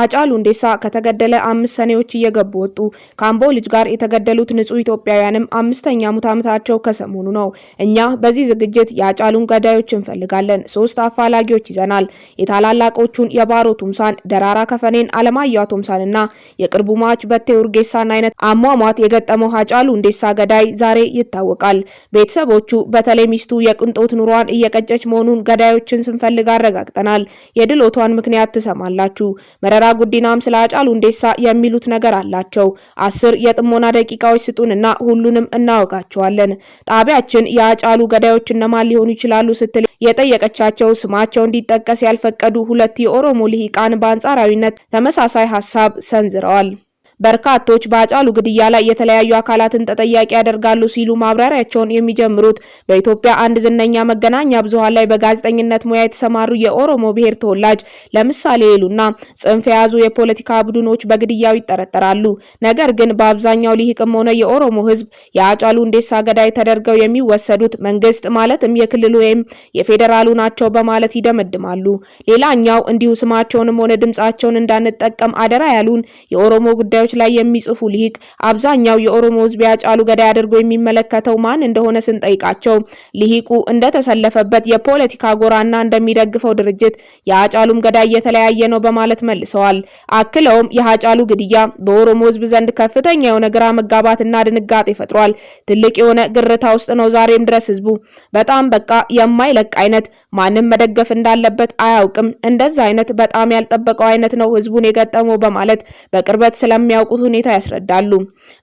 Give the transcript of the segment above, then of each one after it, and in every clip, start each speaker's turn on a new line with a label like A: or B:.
A: አጫሉ ሁንዴሳ ከተገደለ አምስት ሰኔዎች እየገቡ ወጡ። ከአምቦ ልጅ ጋር የተገደሉት ንጹህ ኢትዮጵያውያንም አምስተኛ ሙት ዓመታቸው ከሰሞኑ ነው። እኛ በዚህ ዝግጅት የአጫሉን ገዳዮች እንፈልጋለን። ሶስት አፋላጊዎች ይዘናል። የታላላቆቹን የባሮ ቱምሳን፣ ደራራ ከፈኔን፣ ቱምሳን አቶምሳንና የቅርቡ ማች በቴ ኡርጌሳን አይነት አሟሟት የገጠመው አጫሉ ሁንዴሳ ገዳይ ዛሬ ይታወቃል። ቤተሰቦቹ በተለይ ሚስቱ የቅንጦት ኑሯን እየቀጨች መሆኑን ገዳዮችን ስንፈልግ አረጋግጠናል። የድሎቷን ምክንያት ትሰማላችሁ። አበራ ጉዲናም ስለ አጫሉ ሁንዴሳ የሚሉት ነገር አላቸው። አስር የጥሞና ደቂቃዎች ስጡንና ሁሉንም እናወጋቸዋለን። ጣቢያችን የአጫሉ ገዳዮች እነማን ሊሆኑ ይችላሉ ስትል የጠየቀቻቸው ስማቸው እንዲጠቀስ ያልፈቀዱ ሁለት የኦሮሞ ልሂቃን በአንጻራዊነት ተመሳሳይ ሀሳብ ሰንዝረዋል። በርካቶች በአጫሉ ግድያ ላይ የተለያዩ አካላትን ተጠያቂ ያደርጋሉ ሲሉ ማብራሪያቸውን የሚጀምሩት በኢትዮጵያ አንድ ዝነኛ መገናኛ ብዙሃን ላይ በጋዜጠኝነት ሙያ የተሰማሩ የኦሮሞ ብሔር ተወላጅ ለምሳሌ ይሉና ጽንፍ የያዙ የፖለቲካ ቡድኖች በግድያው ይጠረጠራሉ። ነገር ግን በአብዛኛው ሊህቅም ሆነ የኦሮሞ ህዝብ የአጫሉ ሁንዴሳ ገዳይ ተደርገው የሚወሰዱት መንግስት ማለትም የክልሉ ወይም የፌዴራሉ ናቸው በማለት ይደመድማሉ። ሌላኛው እንዲሁ ስማቸውንም ሆነ ድምጻቸውን እንዳንጠቀም አደራ ያሉን የኦሮሞ ጉዳዮች ጉዳዮች ላይ የሚጽፉ ሊቅ አብዛኛው የኦሮሞ ህዝብ ያጫሉ ገዳይ አድርጎ የሚመለከተው ማን እንደሆነ ስንጠይቃቸው ሊሂቁ እንደተሰለፈበት የፖለቲካ ጎራና እንደሚደግፈው ድርጅት የአጫሉም ገዳይ እየተለያየ ነው በማለት መልሰዋል። አክለውም የአጫሉ ግድያ በኦሮሞ ህዝብ ዘንድ ከፍተኛ የሆነ ግራ መጋባትና ድንጋጤ ፈጥሯል። ትልቅ የሆነ ግርታ ውስጥ ነው ዛሬም ድረስ ህዝቡ። በጣም በቃ የማይለቅ አይነት ማንም መደገፍ እንዳለበት አያውቅም። እንደዛ አይነት በጣም ያልጠበቀው አይነት ነው ህዝቡን የገጠመው በማለት በቅርበት ስለሚያ በሚያውቁት ሁኔታ ያስረዳሉ።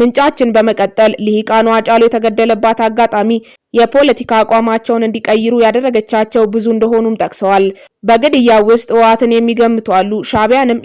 A: ምንጫችን በመቀጠል ልሂቃኑ አጫሉ የተገደለባት አጋጣሚ የፖለቲካ አቋማቸውን እንዲቀይሩ ያደረገቻቸው ብዙ እንደሆኑም ጠቅሰዋል። በግድያ ውስጥ ህወሓትን የሚገምቱ አሉ፣ ሻዕቢያንም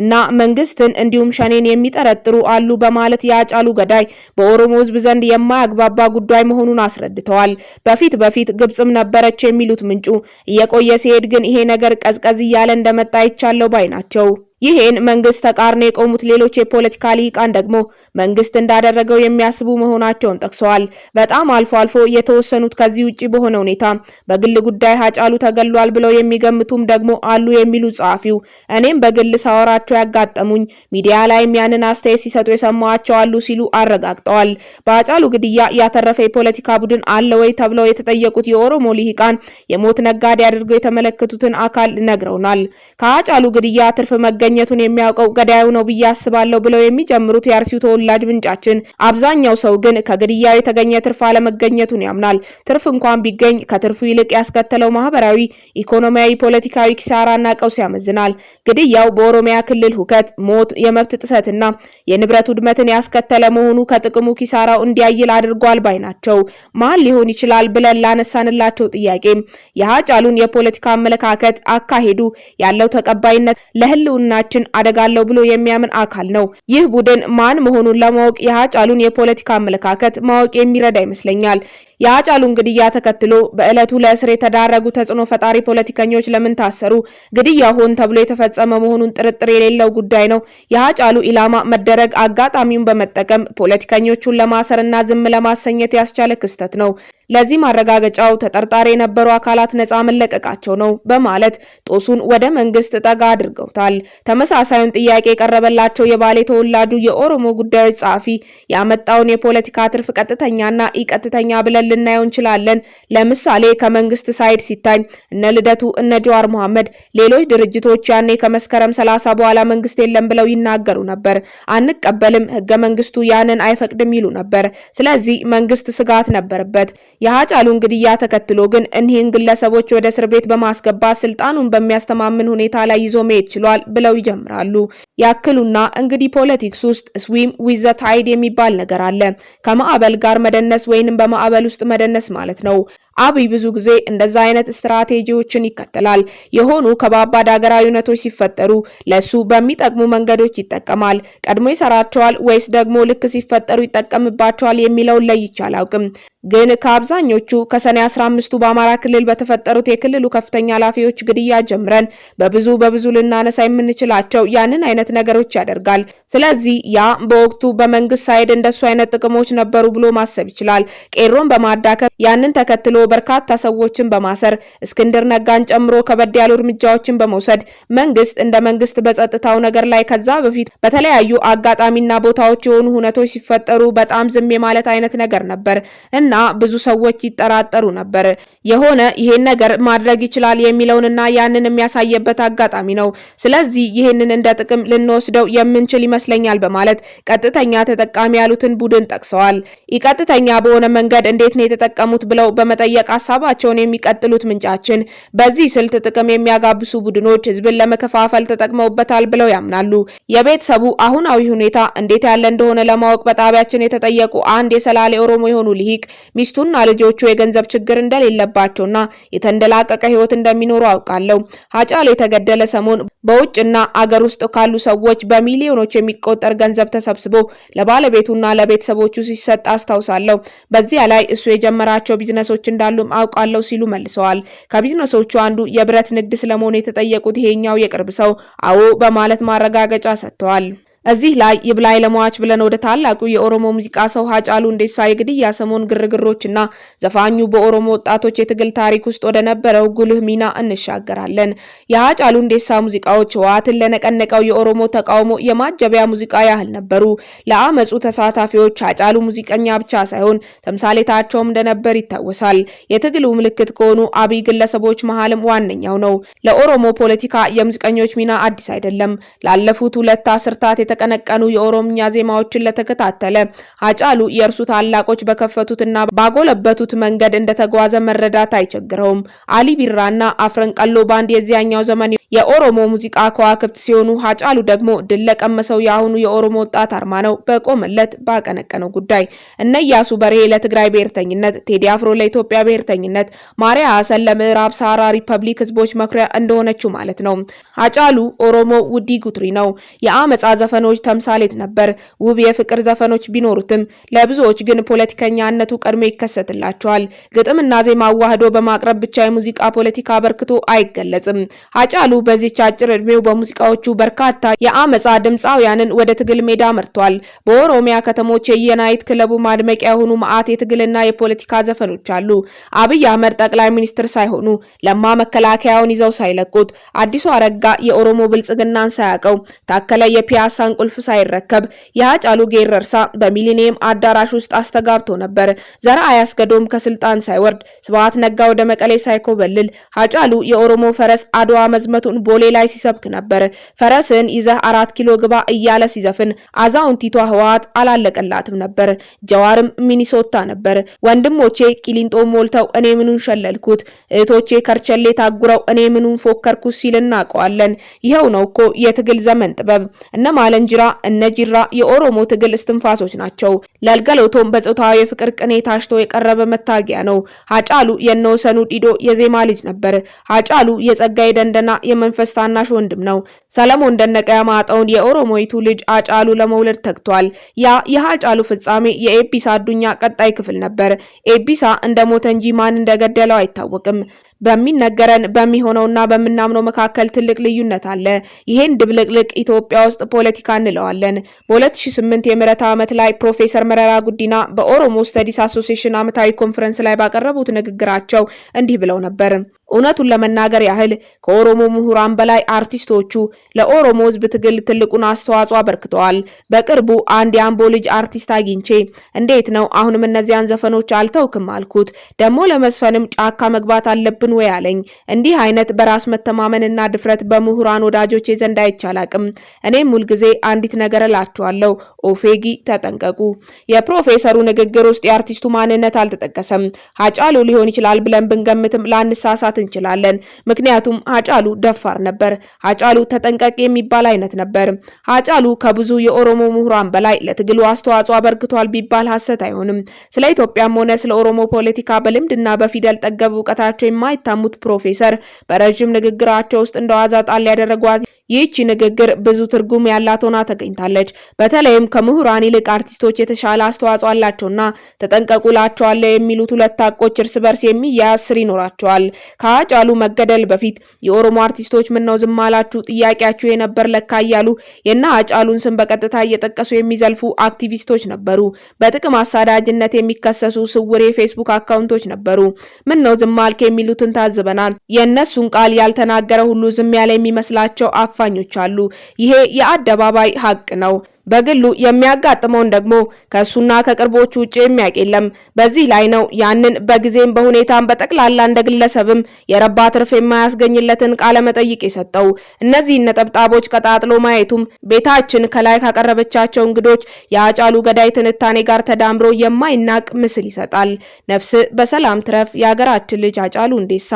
A: እና መንግስትን እንዲሁም ሸኔን የሚጠረጥሩ አሉ በማለት ያጫሉ ገዳይ በኦሮሞ ህዝብ ዘንድ የማያግባባ ጉዳይ መሆኑን አስረድተዋል። በፊት በፊት ግብጽም ነበረች የሚሉት ምንጩ፣ እየቆየ ሲሄድ ግን ይሄ ነገር ቀዝቀዝ እያለ እንደመጣ ይቻለው ባይ ናቸው። ይህን መንግስት ተቃርኔ የቆሙት ሌሎች የፖለቲካ ልሂቃን ደግሞ መንግስት እንዳደረገው የሚያስቡ መሆናቸውን ጠቅሰዋል። በጣም አልፎ አልፎ የተወሰኑት ከዚህ ውጭ በሆነ ሁኔታ በግል ጉዳይ ሀጫሉ ተገሏል ብለው የሚገምቱም ደግሞ አሉ የሚሉ ጸሐፊው፣ እኔም በግል ሳወራቸው ያጋጠሙኝ ሚዲያ ላይም ያንን አስተያየት ሲሰጡ የሰማዋቸው አሉ ሲሉ አረጋግጠዋል። በሀጫሉ ግድያ ያተረፈ የፖለቲካ ቡድን አለ ወይ ተብለው የተጠየቁት የኦሮሞ ሊሂቃን የሞት ነጋዴ አድርገው የተመለከቱትን አካል ነግረውናል። ከሀጫሉ ግድያ ትርፍ መገኘ መገኘቱን የሚያውቀው ገዳዩ ነው ብዬ አስባለሁ ብለው የሚጀምሩት የአርሲው ተወላጅ ምንጫችን፣ አብዛኛው ሰው ግን ከግድያው የተገኘ ትርፍ አለመገኘቱን ያምናል። ትርፍ እንኳን ቢገኝ ከትርፉ ይልቅ ያስከተለው ማህበራዊ፣ ኢኮኖሚያዊ፣ ፖለቲካዊ ኪሳራና ቀውስ ያመዝናል። ግድያው በኦሮሚያ ክልል ሁከት፣ ሞት፣ የመብት ጥሰትና የንብረት ውድመትን ያስከተለ መሆኑ ከጥቅሙ ኪሳራው እንዲያይል አድርጓል ባይ ናቸው። መሀል ሊሆን ይችላል ብለን ላነሳንላቸው ጥያቄ የሀጫሉን የፖለቲካ አመለካከት አካሄዱ ያለው ተቀባይነት ለህልውና ቡድናችን አደጋለሁ ብሎ የሚያምን አካል ነው። ይህ ቡድን ማን መሆኑን ለማወቅ የሀጫሉን የፖለቲካ አመለካከት ማወቅ የሚረዳ ይመስለኛል። የአጫሉን ግድያ ተከትሎ በዕለቱ ለእስር የተዳረጉ ተጽዕኖ ፈጣሪ ፖለቲከኞች ለምን ታሰሩ? ግድያ ሆን ተብሎ የተፈጸመ መሆኑን ጥርጥር የሌለው ጉዳይ ነው። የአጫሉ ኢላማ መደረግ አጋጣሚውን በመጠቀም ፖለቲከኞቹን ለማሰር እና ዝም ለማሰኘት ያስቻለ ክስተት ነው። ለዚህ ማረጋገጫው ተጠርጣሪ የነበሩ አካላት ነጻ መለቀቃቸው ነው በማለት ጦሱን ወደ መንግስት ጠጋ አድርገውታል። ተመሳሳዩን ጥያቄ የቀረበላቸው የባሌ ተወላጁ የኦሮሞ ጉዳዮች ጸሐፊ ያመጣውን የፖለቲካ ትርፍ ቀጥተኛና ኢ ቀጥተኛ ብለን ልናየው እንችላለን። ለምሳሌ ከመንግስት ሳይድ ሲታይ እነ ልደቱ እነ ጀዋር መሐመድ፣ ሌሎች ድርጅቶች ያኔ ከመስከረም ሰላሳ በኋላ መንግስት የለም ብለው ይናገሩ ነበር። አንቀበልም፣ ህገ መንግስቱ ያንን አይፈቅድም ይሉ ነበር። ስለዚህ መንግስት ስጋት ነበረበት። የሀጫሉን ግድያ ተከትሎ ግን እኒህን ግለሰቦች ወደ እስር ቤት በማስገባት ስልጣኑን በሚያስተማምን ሁኔታ ላይ ይዞ መሄድ ችሏል ብለው ይጀምራሉ። ያክሉና እንግዲህ ፖለቲክስ ውስጥ ስዊም ዊዘ ታይድ የሚባል ነገር አለ። ከማዕበል ጋር መደነስ ወይንም በማዕበሉ ውስጥ መደነስ ማለት ነው። አብይ ብዙ ጊዜ እንደዛ አይነት ስትራቴጂዎችን ይከተላል። የሆኑ ከባባድ ሀገራዊ እውነቶች ሲፈጠሩ ለሱ በሚጠቅሙ መንገዶች ይጠቀማል። ቀድሞ ይሰራቸዋል ወይስ ደግሞ ልክ ሲፈጠሩ ይጠቀምባቸዋል የሚለውን ለይቼ አላውቅም። ግን ከአብዛኞቹ ከሰኔ 15ቱ በአማራ ክልል በተፈጠሩት የክልሉ ከፍተኛ ኃላፊዎች ግድያ ጀምረን በብዙ በብዙ ልናነሳ የምንችላቸው ያንን አይነት ነገሮች ያደርጋል። ስለዚህ ያ በወቅቱ በመንግስት ሳይድ እንደሱ አይነት ጥቅሞች ነበሩ ብሎ ማሰብ ይችላል። ቄሮን በማዳከም ያንን ተከትሎ በርካታ ሰዎችን በማሰር እስክንድር ነጋን ጨምሮ ከበድ ያሉ እርምጃዎችን በመውሰድ መንግስት እንደ መንግስት በጸጥታው ነገር ላይ ከዛ በፊት በተለያዩ አጋጣሚና ቦታዎች የሆኑ ሁነቶች ሲፈጠሩ በጣም ዝም የማለት አይነት ነገር ነበር እና እና ብዙ ሰዎች ይጠራጠሩ ነበር። የሆነ ይሄን ነገር ማድረግ ይችላል የሚለውንና ያንን የሚያሳየበት አጋጣሚ ነው። ስለዚህ ይህንን እንደ ጥቅም ልንወስደው የምንችል ይመስለኛል በማለት ቀጥተኛ ተጠቃሚ ያሉትን ቡድን ጠቅሰዋል። ቀጥተኛ በሆነ መንገድ እንዴት ነው የተጠቀሙት ብለው በመጠየቅ ሀሳባቸውን የሚቀጥሉት ምንጫችን በዚህ ስልት ጥቅም የሚያጋብሱ ቡድኖች ህዝብን ለመከፋፈል ተጠቅመውበታል ብለው ያምናሉ። የቤተሰቡ አሁናዊ ሁኔታ እንዴት ያለ እንደሆነ ለማወቅ በጣቢያችን የተጠየቁ አንድ የሰላሌ ኦሮሞ የሆኑ ልሂቅ ሚስቱና ልጆቹ የገንዘብ ችግር እንደሌለባቸውና የተንደላቀቀ ህይወት እንደሚኖሩ አውቃለሁ። ሀጫሉ የተገደለ ሰሞን በውጭና አገር ውስጥ ካሉ ሰዎች በሚሊዮኖች የሚቆጠር ገንዘብ ተሰብስቦ ለባለቤቱና ለቤተሰቦቹ ሲሰጥ አስታውሳለሁ። በዚያ ላይ እሱ የጀመራቸው ቢዝነሶች እንዳሉም አውቃለሁ ሲሉ መልሰዋል። ከቢዝነሶቹ አንዱ የብረት ንግድ ስለመሆኑ የተጠየቁት ይሄኛው የቅርብ ሰው አዎ በማለት ማረጋገጫ ሰጥተዋል። እዚህ ላይ ይብላኝ ለሟች ብለን ወደ ታላቁ የኦሮሞ ሙዚቃ ሰው ሀጫሉ ሁንዴሳ የግድያ ሰሞን ግርግሮችና ዘፋኙ በኦሮሞ ወጣቶች የትግል ታሪክ ውስጥ ወደ ነበረው ጉልህ ሚና እንሻገራለን። የሀጫሉ ሁንዴሳ ሙዚቃዎች ህወሓትን ለነቀነቀው የኦሮሞ ተቃውሞ የማጀቢያ ሙዚቃ ያህል ነበሩ። ለአመፁ ተሳታፊዎች ሀጫሉ ሙዚቀኛ ብቻ ሳይሆን ተምሳሌታቸውም እንደነበር ይታወሳል። የትግሉ ምልክት ከሆኑ አብይ ግለሰቦች መሀልም ዋነኛው ነው። ለኦሮሞ ፖለቲካ የሙዚቀኞች ሚና አዲስ አይደለም። ላለፉት ሁለት አስርታት የተቀነቀኑ የኦሮምኛ ዜማዎችን ለተከታተለ አጫሉ የእርሱ ታላቆች በከፈቱትና ባጎለበቱት መንገድ እንደተጓዘ መረዳት አይቸግረውም። አሊ ቢራና አፍረንቀሎ ባንድ የዚያኛው ዘመን የኦሮሞ ሙዚቃ ከዋክብት ሲሆኑ ሀጫሉ ደግሞ ድል ለቀመሰው የአሁኑ የኦሮሞ ወጣት አርማ ነው። በቆመለት ባቀነቀነው ጉዳይ እነ ያሱ በርሄ ለትግራይ ብሔርተኝነት፣ ቴዲ አፍሮ ለኢትዮጵያ ብሔርተኝነት፣ ማሪያ ሀሰን ለምዕራብ ሳራ ሪፐብሊክ ህዝቦች መኩሪያ እንደሆነችው ማለት ነው። ሀጫሉ ኦሮሞ ውዲ ጉትሪ ነው። የአመፃ ዘፈኑ ዘፈኖች ተምሳሌት ነበር። ውብ የፍቅር ዘፈኖች ቢኖሩትም ለብዙዎች ግን ፖለቲከኛነቱ ቀድሞ ይከሰትላቸዋል። ግጥምና ዜማ አዋህዶ በማቅረብ ብቻ የሙዚቃ ፖለቲካ አበርክቶ አይገለጽም። አጫሉ በዚች አጭር ዕድሜው በሙዚቃዎቹ በርካታ የአመፃ ድምፃውያንን ወደ ትግል ሜዳ መርቷል። በኦሮሚያ ከተሞች የየናይት ክለቡ ማድመቂያ የሆኑ መዓት የትግልና የፖለቲካ ዘፈኖች አሉ። አብይ አህመድ ጠቅላይ ሚኒስትር ሳይሆኑ ለማ መከላከያውን ይዘው ሳይለቁት፣ አዲሱ አረጋ የኦሮሞ ብልጽግናን ሳያውቀው፣ ታከለ የፒያሳን ቁልፍ ሳይረከብ የሀጫሉ ጌረርሳ በሚሊኒየም አዳራሽ ውስጥ አስተጋብቶ ነበር። ዘራ አያስገዶም ከስልጣን ሳይወርድ፣ ስብሐት ነጋ ወደ መቀሌ ሳይኮበልል ሀጫሉ የኦሮሞ ፈረስ አድዋ መዝመቱን ቦሌ ላይ ሲሰብክ ነበር። ፈረስን ይዘህ አራት ኪሎ ግባ እያለ ሲዘፍን አዛውንቲቷ ህወሓት አላለቀላትም ነበር። ጀዋርም ሚኒሶታ ነበር። ወንድሞቼ ቂሊንጦ ሞልተው እኔ ምኑን ሸለልኩት፣ እህቶቼ ከርቸሌ ታጉረው እኔ ምኑን ፎከርኩት ሲል እናውቀዋለን። ይኸው ነው እኮ የትግል ዘመን ጥበብ። እነ ማለን እንጅራ እነጅራ የኦሮሞ ትግል እስትንፋሶች ናቸው። ላልገለቶም በጾታዊ የፍቅር ቅኔ ታሽቶ የቀረበ መታጊያ ነው። ሀጫሉ የነወሰኑ ዲዶ የዜማ ልጅ ነበር። ሀጫሉ የጸጋዬ ደንደና የመንፈስ ታናሽ ወንድም ነው። ሰለሞን ደነቀ ያማጣውን የኦሮሞይቱ ልጅ አጫሉ ለመውለድ ተግቷል። ያ የሀጫሉ ፍጻሜ የኤቢሳ አዱኛ ቀጣይ ክፍል ነበር። ኤቢሳ እንደ ሞተ እንጂ ማን እንደገደለው አይታወቅም። በሚነገረን በሚሆነውና በምናምነው መካከል ትልቅ ልዩነት አለ። ይሄን ድብልቅልቅ ኢትዮጵያ ውስጥ ፖለቲካ እንለዋለን። በ2008 የምረት ዓመት ላይ ፕሮፌሰር መረራ ጉዲና በኦሮሞ ስተዲስ አሶሲሽን ዓመታዊ ኮንፈረንስ ላይ ባቀረቡት ንግግራቸው እንዲህ ብለው ነበር። እውነቱን ለመናገር ያህል ከኦሮሞ ምሁራን በላይ አርቲስቶቹ ለኦሮሞ ሕዝብ ትግል ትልቁን አስተዋጽኦ አበርክተዋል። በቅርቡ አንድ የአምቦ ልጅ አርቲስት አግኝቼ እንዴት ነው አሁንም እነዚያን ዘፈኖች አልተውክም አልኩት። ደግሞ ለመስፈንም ጫካ መግባት አለብን አለብን ወይ አለኝ። እንዲህ አይነት በራስ መተማመንና ድፍረት በምሁራን ወዳጆች ዘንድ አይቻላቅም። እኔም ሁልጊዜ አንዲት ነገር እላችኋለሁ፣ ኦፌጊ ተጠንቀቁ። የፕሮፌሰሩ ንግግር ውስጥ የአርቲስቱ ማንነት አልተጠቀሰም። ሀጫሉ ሊሆን ይችላል ብለን ብንገምትም ላንሳሳት እንችላለን። ምክንያቱም ሀጫሉ ደፋር ነበር። ሀጫሉ ተጠንቀቅ የሚባል አይነት ነበር። ሀጫሉ ከብዙ የኦሮሞ ምሁራን በላይ ለትግሉ አስተዋጽኦ አበርክቷል ቢባል ሀሰት አይሆንም። ስለ ኢትዮጵያም ሆነ ስለ ኦሮሞ ፖለቲካ በልምድና በፊደል ጠገብ እውቀታቸው የማይ የማይታሙት ፕሮፌሰር በረዥም ንግግራቸው ውስጥ እንደ ዋዛ ጣል ያደረጓት ይህቺ ንግግር ብዙ ትርጉም ያላት ሆና ተገኝታለች። በተለይም ከምሁራን ይልቅ አርቲስቶች የተሻለ አስተዋጽኦ አላቸውና ተጠንቀቁላቸዋለሁ የሚሉት ሁለት አቆች እርስ በርስ የሚያያዝ ስር ይኖራቸዋል። ከአጫሉ መገደል በፊት የኦሮሞ አርቲስቶች ምነው ዝም አላችሁ ጥያቄያችሁ የነበር ለካ እያሉ የና አጫሉን ስም በቀጥታ እየጠቀሱ የሚዘልፉ አክቲቪስቶች ነበሩ። በጥቅም አሳዳጅነት የሚከሰሱ ስውር የፌስቡክ አካውንቶች ነበሩ። ምነው ዝም አልክ የሚሉትን ታዝበናል። የእነሱን ቃል ያልተናገረ ሁሉ ዝም ያለ የሚመስላቸው አፍ አፋኞች አሉ። ይሄ የአደባባይ ሀቅ ነው። በግሉ የሚያጋጥመውን ደግሞ ከእሱና ከቅርቦቹ ውጭ የሚያውቅ የለም። በዚህ ላይ ነው ያንን በጊዜም በሁኔታም በጠቅላላ እንደ ግለሰብም የረባ ትርፍ የማያስገኝለትን ቃለ መጠይቅ የሰጠው። እነዚህን ነጠብጣቦች ቀጣጥሎ ማየቱም ቤታችን ከላይ ካቀረበቻቸው እንግዶች የአጫሉ ገዳይ ትንታኔ ጋር ተዳምሮ የማይናቅ ምስል ይሰጣል። ነፍስ በሰላም ትረፍ። የሀገራችን ልጅ አጫሉ እንዴሳ።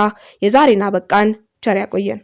A: የዛሬን አበቃን። ቸር ያቆየን።